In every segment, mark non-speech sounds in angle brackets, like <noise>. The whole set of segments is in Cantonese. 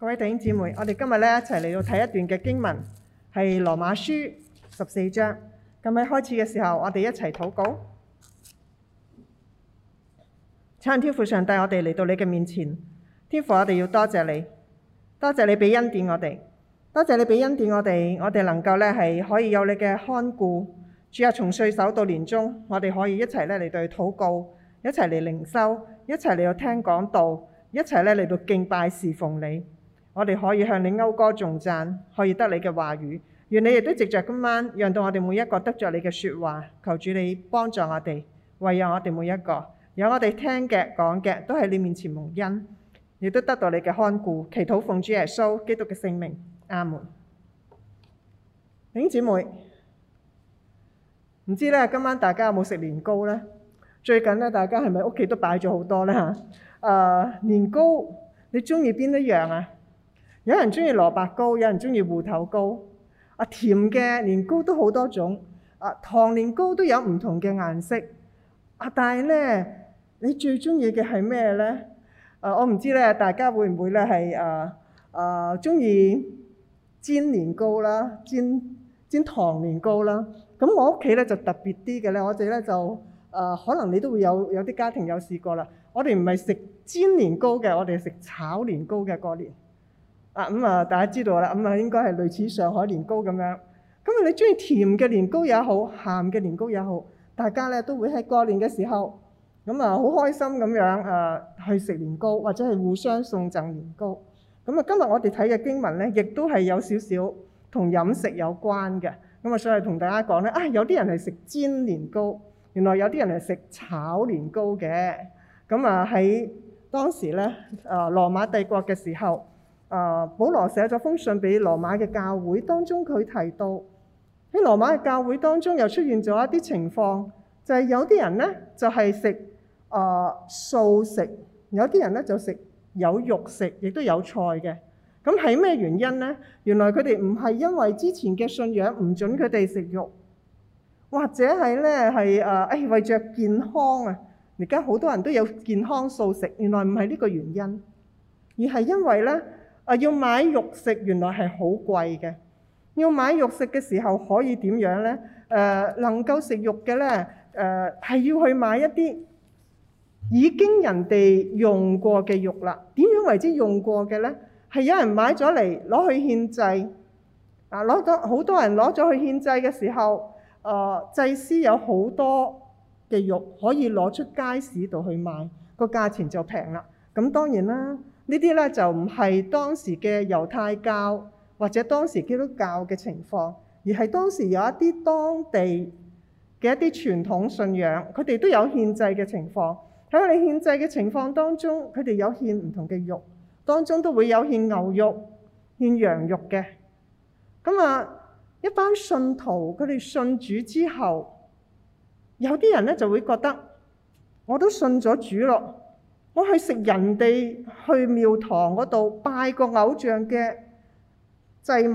各位弟兄姊妹，我哋今日呢一齊嚟到睇一段嘅經文，係羅馬書十四章。咁喺開始嘅時候，我哋一齊禱告，請天父上帝，我哋嚟到你嘅面前，天父，我哋要多謝你，多謝你俾恩典我哋，多謝你俾恩典我哋，我哋能夠呢係可以有你嘅看顧。主啊，從歲首到年終，我哋可以一齊呢嚟到禱告，一齊嚟靈修，一齊嚟到聽講道，一齊呢嚟到敬拜侍奉你。我哋可以向你謳歌頌讚，可以得你嘅話語。願你亦都藉着今晚，讓到我哋每一個得着你嘅說話。求主你幫助我哋，唯有我哋每一個，有我哋聽嘅講嘅，都喺你面前蒙恩，亦都得到你嘅看顧。祈禱奉主耶穌基督嘅聖名，阿門。弟兄姊妹，唔知咧今晚大家有冇食年糕咧？最近咧大家係咪屋企都擺咗好多咧？嚇，誒年糕，你鍾意邊一樣啊？有人中意蘿蔔糕，有人中意芋頭糕。啊，甜嘅年糕都好多種。啊，糖年糕都有唔同嘅顏色。啊，但係咧，你最中意嘅係咩咧？啊、呃，我唔知咧，大家會唔會咧係啊啊中意煎年糕啦，煎煎糖年糕啦。咁我屋企咧就特別啲嘅咧，我哋咧就啊、呃，可能你都會有有啲家庭有試過啦。我哋唔係食煎年糕嘅，我哋食炒年糕嘅過年。啊，咁、嗯、啊，大家知道啦，咁、嗯、啊，應該係類似上海年糕咁樣。咁啊，你中意甜嘅年糕也好，鹹嘅年糕也好，大家咧都會喺過年嘅時候，咁啊，好開心咁樣啊，去食年糕或者係互相送贈年糕。咁啊，今日我哋睇嘅經文咧，亦都係有少少同飲食有關嘅。咁啊，所以同大家講咧，啊，有啲人係食煎年糕，原來有啲人係食炒年糕嘅。咁啊，喺當時咧，啊，羅馬帝國嘅時候。啊、呃！保羅寫咗封信俾羅馬嘅教會，當中佢提到喺羅馬嘅教會當中又出現咗一啲情況，就係、是、有啲人咧就係食啊素食，有啲人咧就食有肉食，亦都有菜嘅。咁係咩原因咧？原來佢哋唔係因為之前嘅信仰唔准佢哋食肉，或者係咧係啊誒為着健康啊，而家好多人都有健康素食，原來唔係呢個原因，而係因為咧。啊！要買肉食，原來係好貴嘅。要買肉食嘅時候，可以點樣咧？誒、呃，能夠食肉嘅咧，誒、呃、係要去買一啲已經人哋用過嘅肉啦。點樣為之用過嘅咧？係有人買咗嚟攞去獻祭，嗱，攞咗好多人攞咗去獻祭嘅時候，誒、呃、祭司有好多嘅肉可以攞出街市度去賣，個價錢就平啦。咁當然啦。呢啲咧就唔係當時嘅猶太教或者當時基督教嘅情況，而係當時有一啲當地嘅一啲傳統信仰，佢哋都有獻祭嘅情況。喺佢哋獻祭嘅情況當中，佢哋有獻唔同嘅肉，當中都會有獻牛肉、獻羊肉嘅。咁啊，一班信徒佢哋信主之後，有啲人咧就會覺得我都信咗主咯。我去食人哋去廟堂嗰度拜個偶像嘅祭物，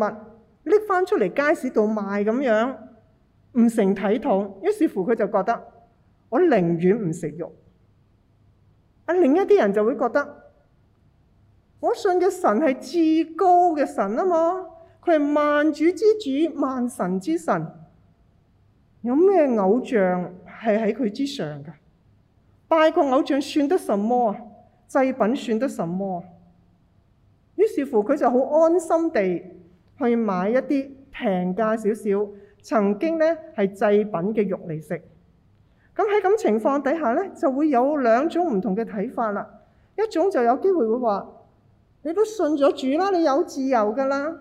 拎翻出嚟街市度賣咁樣，唔成體統。於是乎佢就覺得，我寧願唔食肉。啊，另一啲人就會覺得，我信嘅神係至高嘅神啊嘛，佢係萬主之主、萬神之神，有咩偶像係喺佢之上噶？外國偶像算得什麼啊？祭品算得什麼啊？於是乎佢就好安心地去買一啲平價少少、曾經咧係祭品嘅肉嚟食。咁喺咁情況底下呢，就會有兩種唔同嘅睇法啦。一種就有機會會話：你都信咗主啦，你有自由噶啦，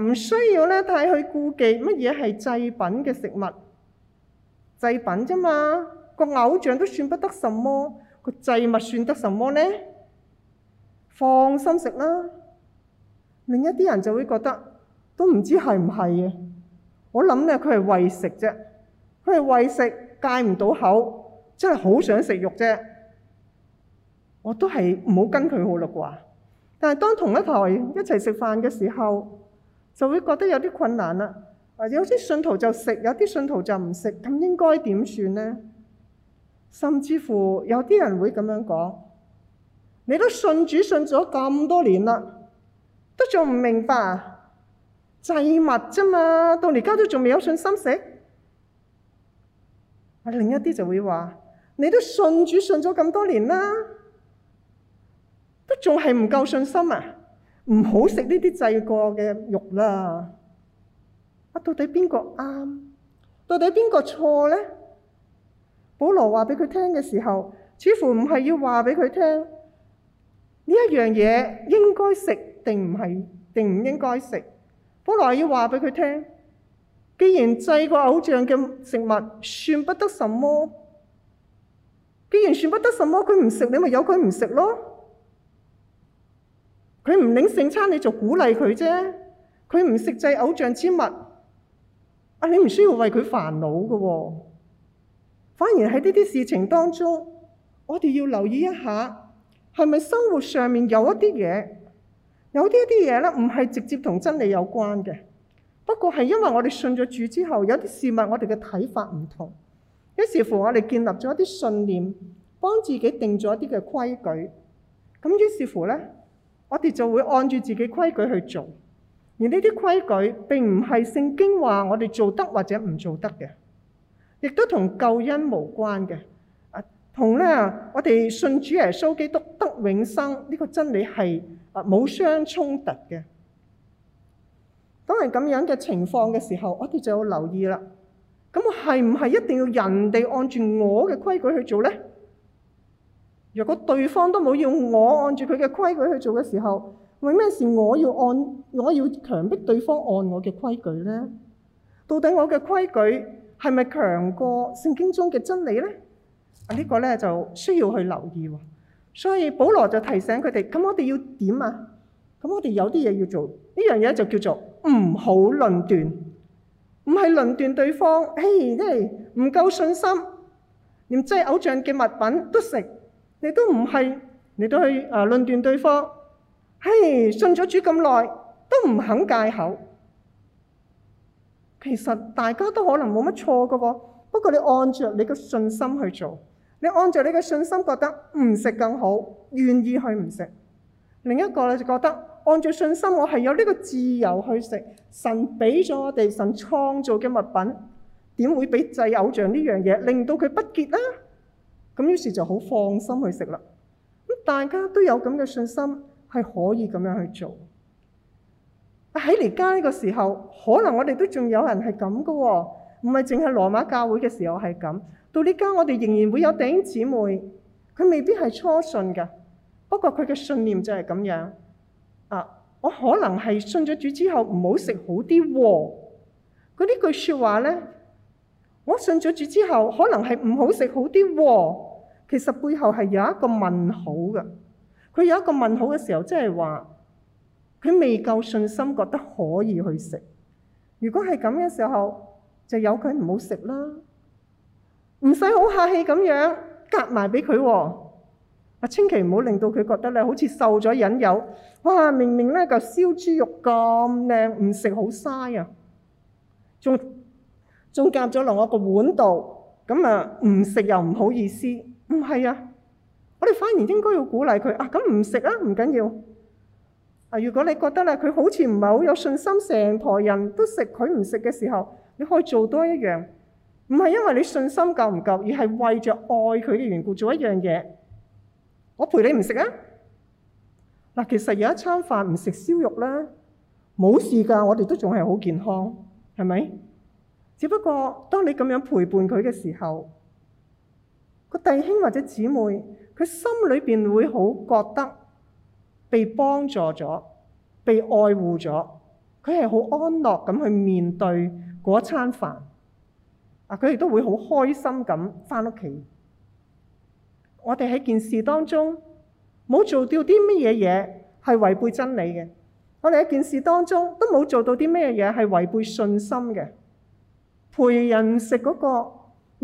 唔需要呢太去顧忌乜嘢係祭品嘅食物，祭品啫嘛。個偶像都算不得什麼，個祭物算得什麼呢？放心食啦。另一啲人就會覺得都唔知係唔係嘅。我諗咧，佢係為食啫，佢係為食戒唔到口，真係好想食肉啫。我都係唔好跟佢好啦啩。但係當同一台一齊食飯嘅時候，就會覺得有啲困難啦。有啲信徒就食，有啲信徒就唔食，咁應該點算咧？甚至乎有啲人會咁樣講：你都信主信咗咁多年啦，都仲唔明白啊？祭物啫嘛，到而家都仲未有信心食。啊，另一啲就會話：你都信主信咗咁多年啦，都仲係唔夠信心啊？唔好食呢啲祭過嘅肉啦。啊，到底邊個啱？到底邊個錯咧？保羅話畀佢聽嘅時候，似乎唔係要話畀佢聽呢一樣嘢，應該食定唔係定唔應該食。保羅要話畀佢聽，既然祭個偶像嘅食物算不得什麼，既然算不得什麼，佢唔食你咪由佢唔食咯。佢唔領聖餐你就鼓勵佢啫。佢唔食祭偶像之物，啊你唔需要為佢煩惱㗎喎。」反而喺呢啲事情當中，我哋要留意一下，係咪生活上面有一啲嘢，有啲一啲嘢咧，唔係直接同真理有關嘅。不過係因為我哋信咗主之後，有啲事物我哋嘅睇法唔同，於是乎我哋建立咗一啲信念，幫自己定咗一啲嘅規矩。咁於是乎咧，我哋就會按住自己規矩去做。而呢啲規矩並唔係聖經話我哋做得或者唔做得嘅。亦都同救恩無關嘅，同、啊、咧我哋信主耶穌基督得永生呢、這個真理係冇相衝突嘅。當係咁樣嘅情況嘅時候，我哋就要留意啦。咁我係唔係一定要人哋按住我嘅規矩去做咧？若果對方都冇要我按住佢嘅規矩去做嘅時候，為咩事我要按我要強迫對方按我嘅規矩咧？到底我嘅規矩？係咪強過聖經中嘅真理咧？啊、這個，呢個咧就需要去留意喎。所以保羅就提醒佢哋：咁我哋要點啊？咁我哋有啲嘢要做，呢樣嘢就叫做唔好論斷，唔係論斷對方。嘿，真係唔夠信心，連祭偶像嘅物品都食，你都唔係，你都去啊論斷對方。嘿，信咗主咁耐都唔肯戒口。其實大家都可能冇乜錯嘅，不過你按著你嘅信心去做，你按照你嘅信心覺得唔食更好，願意去唔食。另一個咧就覺得按照信心，我係有呢個自由去食，神俾咗我哋神創造嘅物品，點會俾祭偶像呢樣嘢令到佢不潔呢？咁於是就好放心去食啦。大家都有咁嘅信心，係可以咁樣去做。喺嚟家呢個時候，可能我哋都仲有人係咁噶喎，唔係淨係羅馬教會嘅時候係咁。到呢家我哋仍然會有弟兄姊妹，佢未必係初信嘅，不過佢嘅信念就係咁樣。啊，我可能係信咗主之後唔好食好啲喎、哦。佢呢句説話咧，我信咗主之後可能係唔好食好啲喎、哦。其實背後係有一個問號嘅。佢有一個問號嘅時候，即係話。佢未夠信心，覺得可以去食。如果係咁嘅時候，就由佢唔好食啦，唔使好客氣咁樣夾埋畀佢。啊，千祈唔好令到佢覺得咧，好似受咗引誘。哇，明明咧嚿燒豬肉咁靚，唔食好嘥啊！仲仲夾咗落我個碗度，咁啊唔食又唔好意思。唔係啊，我哋反而應該要鼓勵佢啊。咁唔食啦，唔緊要。啊！如果你覺得咧，佢好似唔係好有信心，成枱人都食佢唔食嘅時候，你可以做多一樣，唔係因為你信心夠唔夠，而係為着愛佢嘅緣故做一樣嘢。我陪你唔食啊！嗱，其實有一餐飯唔食燒肉啦，冇事㗎，我哋都仲係好健康，係咪？只不過當你咁樣陪伴佢嘅時候，個弟兄或者姊妹，佢心裏邊會好覺得。被幫助咗，被愛護咗，佢係好安樂咁去面對嗰餐飯。啊，佢亦都會好開心咁翻屋企。我哋喺件事當中冇做到啲乜嘢嘢係違背真理嘅。我哋喺件事當中都冇做到啲咩嘢係違背信心嘅。陪人食嗰個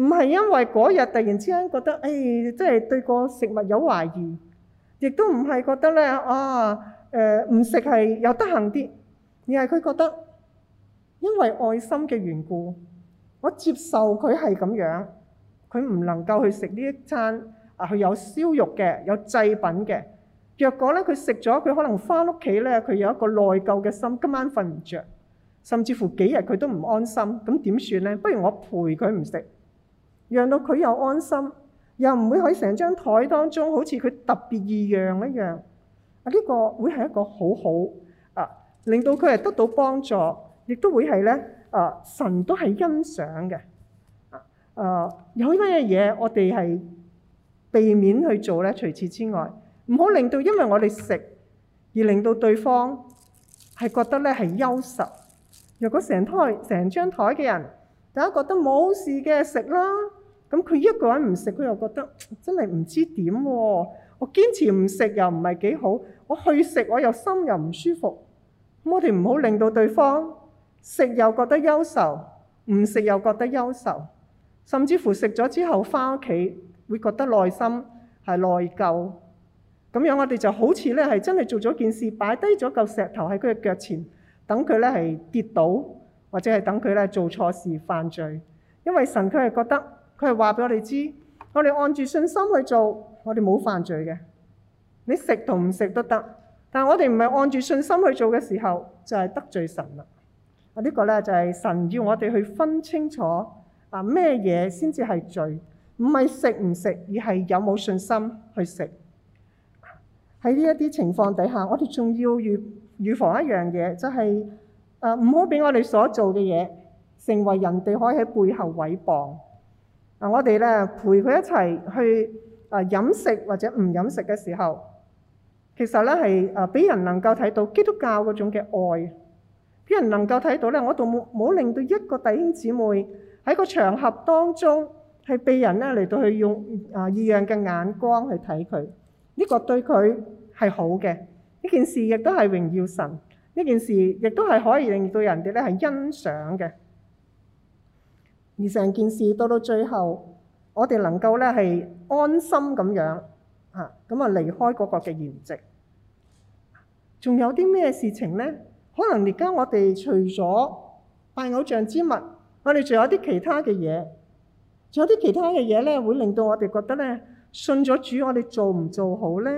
唔係因為嗰日突然之間覺得，哎，即係對個食物有懷疑。亦都唔係覺得咧啊，誒唔食係有得行啲，而係佢覺得因為愛心嘅緣故，我接受佢係咁樣，佢唔能夠去食呢一餐啊，佢有燒肉嘅，有製品嘅。若果咧佢食咗，佢可能翻屋企咧，佢有一個內疚嘅心，今晚瞓唔着，甚至乎幾日佢都唔安心。咁點算咧？不如我陪佢唔食，讓到佢又安心。又唔會喺成張枱當中，好似佢特別異樣一樣。啊，呢個會係一個好好啊，令到佢係得到幫助，亦都會係咧啊，神都係欣賞嘅啊。有啲乜嘢嘢我哋係避免去做咧？除此之外，唔好令到因為我哋食而令到對方係覺得咧係憂愁。如果成枱成張枱嘅人大家覺得冇事嘅食啦。咁佢一個人唔食，佢又覺得真係唔知點、啊。我堅持唔食又唔係幾好，我去食我又心又唔舒服。我哋唔好令到對方食又覺得憂愁，唔食又覺得憂愁，甚至乎食咗之後翻屋企會覺得內心係內疚。咁樣，我哋就好似咧係真係做咗件事，擺低咗嚿石頭喺佢嘅腳前，等佢咧係跌倒，或者係等佢咧做錯事犯罪。因為神佢係覺得。佢話俾我哋知，我哋按住信心去做，我哋冇犯罪嘅。你食同唔食都得，但係我哋唔係按住信心去做嘅時候，就係、是、得罪神啦。啊、這個，呢個咧就係、是、神要我哋去分清楚啊，咩嘢先至係罪？唔係食唔食，而係有冇信心去食。喺呢一啲情況底下，我哋仲要預預防一樣嘢，就係誒唔好俾我哋所做嘅嘢成為人哋可以喺背後毀謗。我哋咧陪佢一齊去啊飲食或者唔飲食嘅時候，其實咧係啊俾人能夠睇到基督教嗰種嘅愛，俾人能夠睇到咧，我度冇冇令到一個弟兄姊妹喺個場合當中係俾人咧嚟到去用啊異樣嘅眼光去睇佢，呢個對佢係好嘅，呢件事亦都係榮耀神，呢件事亦都係可以令到人哋咧係欣賞嘅。而成件事到到最後，我哋能夠咧係安心咁樣，嚇咁啊就離開嗰個嘅筵席。仲有啲咩事情咧？可能而家我哋除咗拜偶像之物，我哋仲有啲其他嘅嘢，仲有啲其他嘅嘢咧，會令到我哋覺得咧，信咗主我哋做唔做好咧？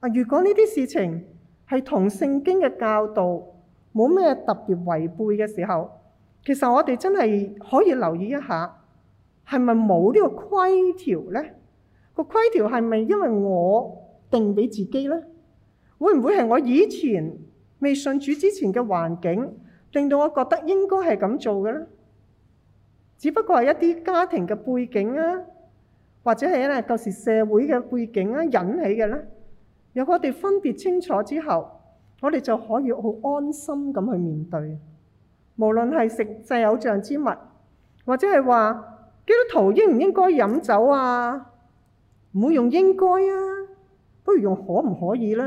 啊，如果呢啲事情係同聖經嘅教導冇咩特別違背嘅時候。其實我哋真係可以留意一下，係咪冇呢個規條咧？個規條係咪因為我定俾自己咧？會唔會係我以前未信主之前嘅環境，令到我覺得應該係咁做嘅咧？只不過係一啲家庭嘅背景啊，或者係咧舊時社會嘅背景啊引起嘅咧。有我哋分別清楚之後，我哋就可以好安心咁去面對。無論係食祭偶像之物，或者係話基督徒應唔應該飲酒啊？唔好用應該啊，不如用可唔可以啦？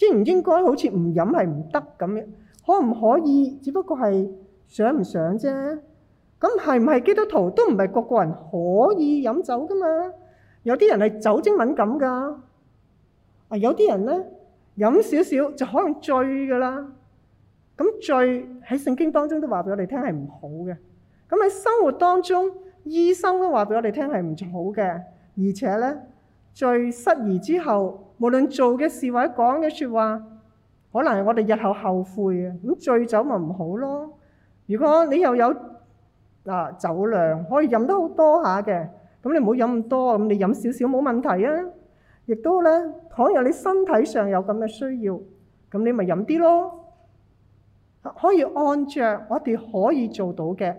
應唔應該好似唔飲係唔得咁樣？可唔可以？只不過係想唔想啫。咁係唔係基督徒都唔係個個人可以飲酒噶嘛、啊？有啲人係酒精敏感㗎。啊，有啲人咧飲少少就可能醉㗎啦。咁醉喺聖經當中都話畀我哋聽係唔好嘅，咁喺生活當中，醫生都話畀我哋聽係唔好嘅。而且咧，醉失儀之後，無論做嘅事或者講嘅説話，可能係我哋日後後悔嘅。咁醉酒咪唔好咯。如果你又有嗱、啊、酒量，可以飲得好多下嘅，咁你唔好飲咁多，咁你飲少少冇問題啊。亦都咧，倘若你身體上有咁嘅需要，咁你咪飲啲咯。可以按著我哋可以做到嘅，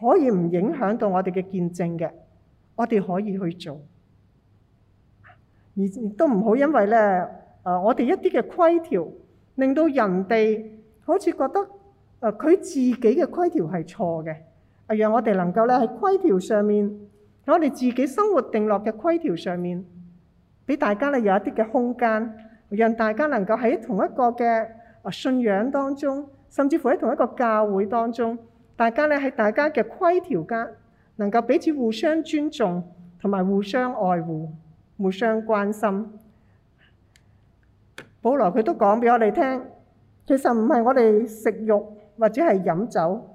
可以唔影響到我哋嘅見證嘅，我哋可以去做。而亦都唔好因為咧，誒我哋一啲嘅規條，令到人哋好似覺得誒佢自己嘅規條係錯嘅。誒讓我哋能夠咧喺規條上面，喺我哋自己生活定落嘅規條上面，俾大家咧有一啲嘅空間，讓大家能夠喺同一個嘅。啊！信仰當中，甚至乎喺同一個教會當中，大家咧喺大家嘅規條間，能夠彼此互相尊重，同埋互相愛護、互相關心。保羅佢都講俾我哋聽，其實唔係我哋食肉或者係飲酒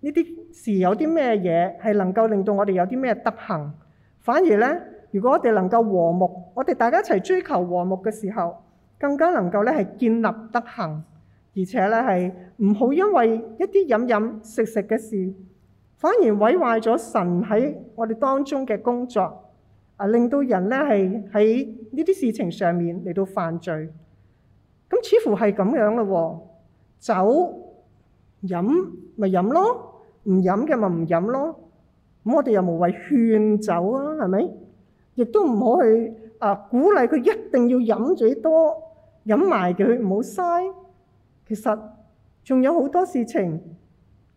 呢啲事，有啲咩嘢係能夠令到我哋有啲咩德行？反而咧，如果我哋能夠和睦，我哋大家一齊追求和睦嘅時候。更加能夠咧係建立德行，而且咧係唔好因為一啲飲飲食食嘅事，反而毀壞咗神喺我哋當中嘅工作，啊令到人咧係喺呢啲事情上面嚟到犯罪。咁似乎係咁樣咯喎，哦，酒飲咪飲咯，唔飲嘅咪唔飲咯。咁我哋又無謂勸酒啊，係咪？亦都唔好去。啊！鼓勵佢一定要飲幾多，飲埋佢唔好嘥。其實仲有好多事情，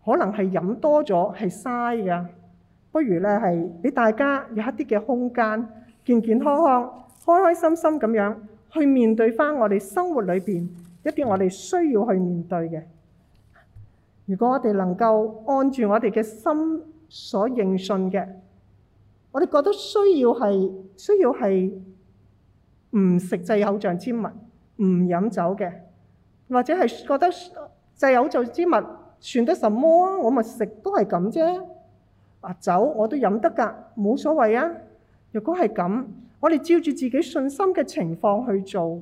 可能係飲多咗係嘥嘅。不如咧係俾大家有一啲嘅空間，健健康康、開開心心咁樣去面對返我哋生活裏邊一啲我哋需要去面對嘅。如果我哋能夠按住我哋嘅心所認信嘅，我哋覺得需要係需要係。唔食祭偶像之物，唔飲酒嘅，或者係覺得祭偶像之物算得什麼？我咪食都係咁啫。啊，酒我都飲得㗎，冇所謂啊。若果係咁，我哋照住自己信心嘅情況去做，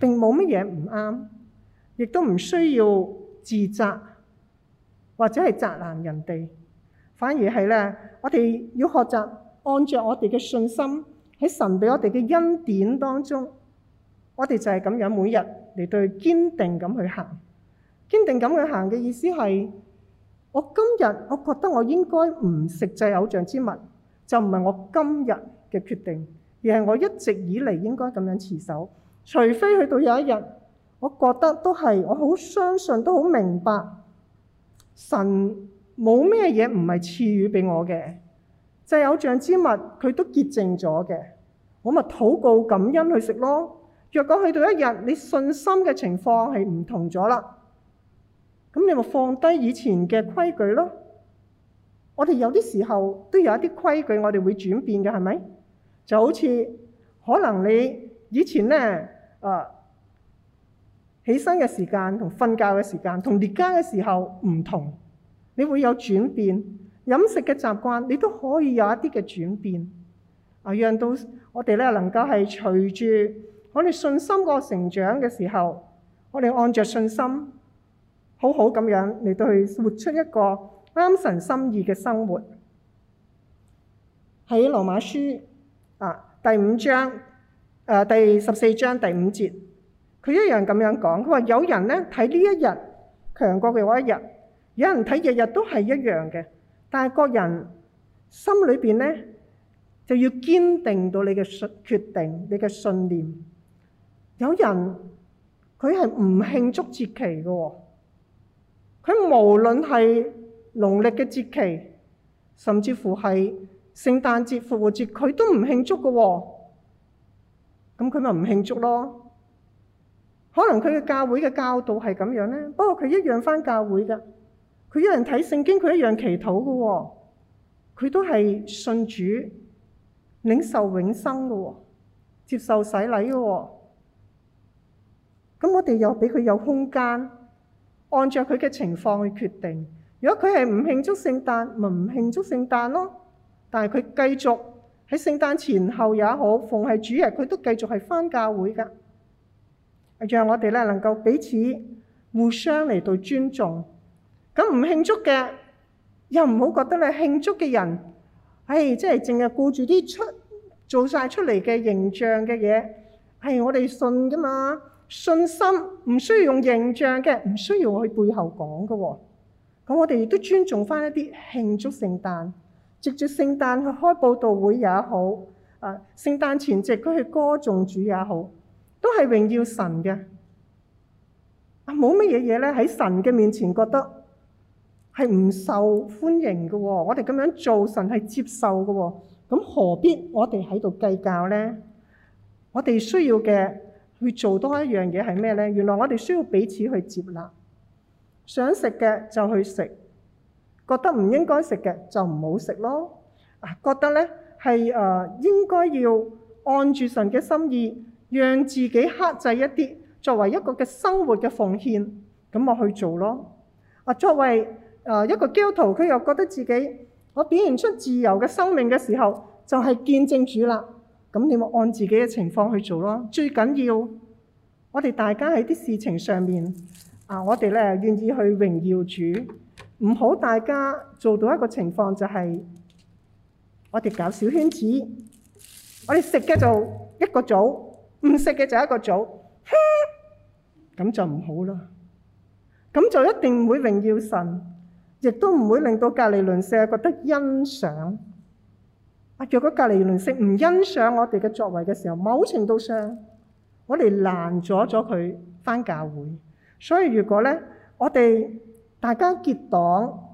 並冇乜嘢唔啱，亦都唔需要自責或者係責難人哋。反而係咧，我哋要學習按着我哋嘅信心。喺神畀我哋嘅恩典當中，我哋就係咁樣每日嚟到堅定咁去行。堅定咁去行嘅意思係，我今日我覺得我應該唔食祭偶像之物，就唔係我今日嘅決定，而係我一直以嚟應該咁樣持守。除非去到有一日，我覺得都係我好相信，都好明白，神冇咩嘢唔係賜予畀我嘅，祭偶像之物佢都潔淨咗嘅。我咪禱告感恩去食咯。若果去到一日，你信心嘅情況係唔同咗啦，咁你咪放低以前嘅規矩咯。我哋有啲時候都有一啲規矩我，我哋會轉變嘅，係咪？就好似可能你以前咧，誒、呃、起身嘅時間同瞓覺嘅時間同而家嘅時候唔同，你會有轉變。飲食嘅習慣你都可以有一啲嘅轉變。啊，讓到我哋咧能夠係隨住我哋信心個成長嘅時候，我哋按着信心好好咁樣嚟到去活出一個啱神心意嘅生活。喺羅馬書啊第五章啊第十四章第五節，佢一樣咁樣講，佢話有人咧睇呢一日強過嘅嗰一日，有人睇日日都係一樣嘅，但係各人心裏邊咧。就要堅定到你嘅信決定，你嘅信念。有人佢係唔慶祝節期嘅喎，佢無論係農曆嘅節期，甚至乎係聖誕節、復活節，佢都唔慶祝嘅喎。咁佢咪唔慶祝咯？可能佢嘅教會嘅教導係咁樣咧，不過佢一樣返教會嘅，佢一樣睇聖經，佢一樣祈禱嘅喎，佢都係信主。領受永生咯，接受洗禮咯，咁我哋又俾佢有空間，按照佢嘅情況去決定。如果佢係唔慶祝聖誕，咪唔慶祝聖誕咯。但係佢繼續喺聖誕前後也好，逢係主日佢都繼續係返教會㗎。讓我哋呢能夠彼此互相嚟到尊重。咁唔慶祝嘅，又唔好覺得你係慶祝嘅人。係，即係淨係顧住啲出做晒出嚟嘅形象嘅嘢，係我哋信噶嘛？信心唔需要用形象嘅，唔需要我去背後講噶。咁我哋亦都尊重翻一啲慶祝聖誕、直接聖誕去開佈道會也好，啊聖誕前夕佢去歌頌主也好，都係榮耀神嘅。啊冇乜嘢嘢咧喺神嘅面前覺得。係唔受歡迎嘅喎，哦，我哋咁樣做，神係接受嘅喎，哦。咁何必我哋喺度計較咧？我哋需要嘅，去做多一樣嘢係咩咧？原來我哋需要彼此去接納，想食嘅就去食，覺得唔應該食嘅就唔好食咯。啊，覺得咧係誒應該要按住神嘅心意，讓自己克制一啲，作為一個嘅生活嘅奉獻，咁我去做咯。啊，作為。誒一個基督徒，佢又覺得自己我表現出自由嘅生命嘅時候，就係、是、見證主啦。咁你咪按自己嘅情況去做咯。最緊要我哋大家喺啲事情上面，啊，我哋咧願意去榮耀主，唔好大家做到一個情況就係、是、我哋搞小圈子，我哋食嘅就一個組，唔食嘅就一個組，咁 <laughs> 就唔好啦。咁就一定唔會榮耀神。亦都唔會令到隔離鄰舍覺得欣賞。啊，若果隔離鄰舍唔欣賞我哋嘅作為嘅時候，某程度上我哋攔阻咗佢返教會。所以如果咧，我哋大家結黨，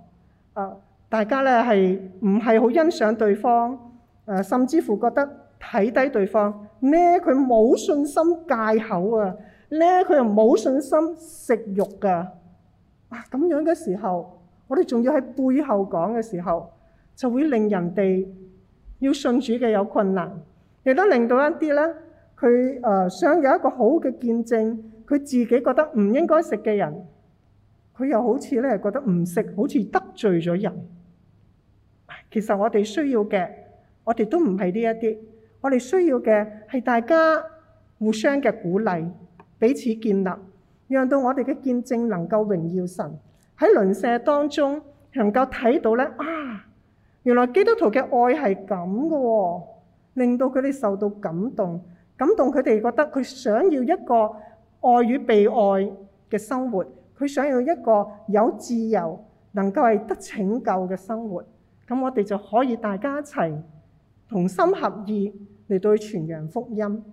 啊，大家咧係唔係好欣賞對方？啊，甚至乎覺得睇低對方咧，佢冇信心戒口啊，咧佢又冇信心食肉噶。啊，咁樣嘅時候。我哋仲要喺背後講嘅時候，就會令人哋要信主嘅有困難，亦都令到一啲咧，佢誒想有一個好嘅見證，佢自己覺得唔應該食嘅人，佢又好似咧覺得唔食，好似得罪咗人。其實我哋需要嘅，我哋都唔係呢一啲，我哋需要嘅係大家互相嘅鼓勵，彼此建立，讓到我哋嘅見證能夠榮耀神。喺鄰舍當中能夠睇到咧，啊，原來基督徒嘅愛係咁嘅喎，令到佢哋受到感動，感動佢哋覺得佢想要一個愛與被愛嘅生活，佢想要一個有自由能夠係得拯救嘅生活。咁我哋就可以大家一齊同心合意嚟傳揚福音。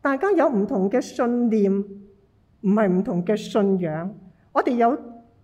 大家有唔同嘅信念，唔係唔同嘅信仰，我哋有。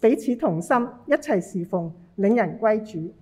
彼此同心，一齊侍奉，領人歸主。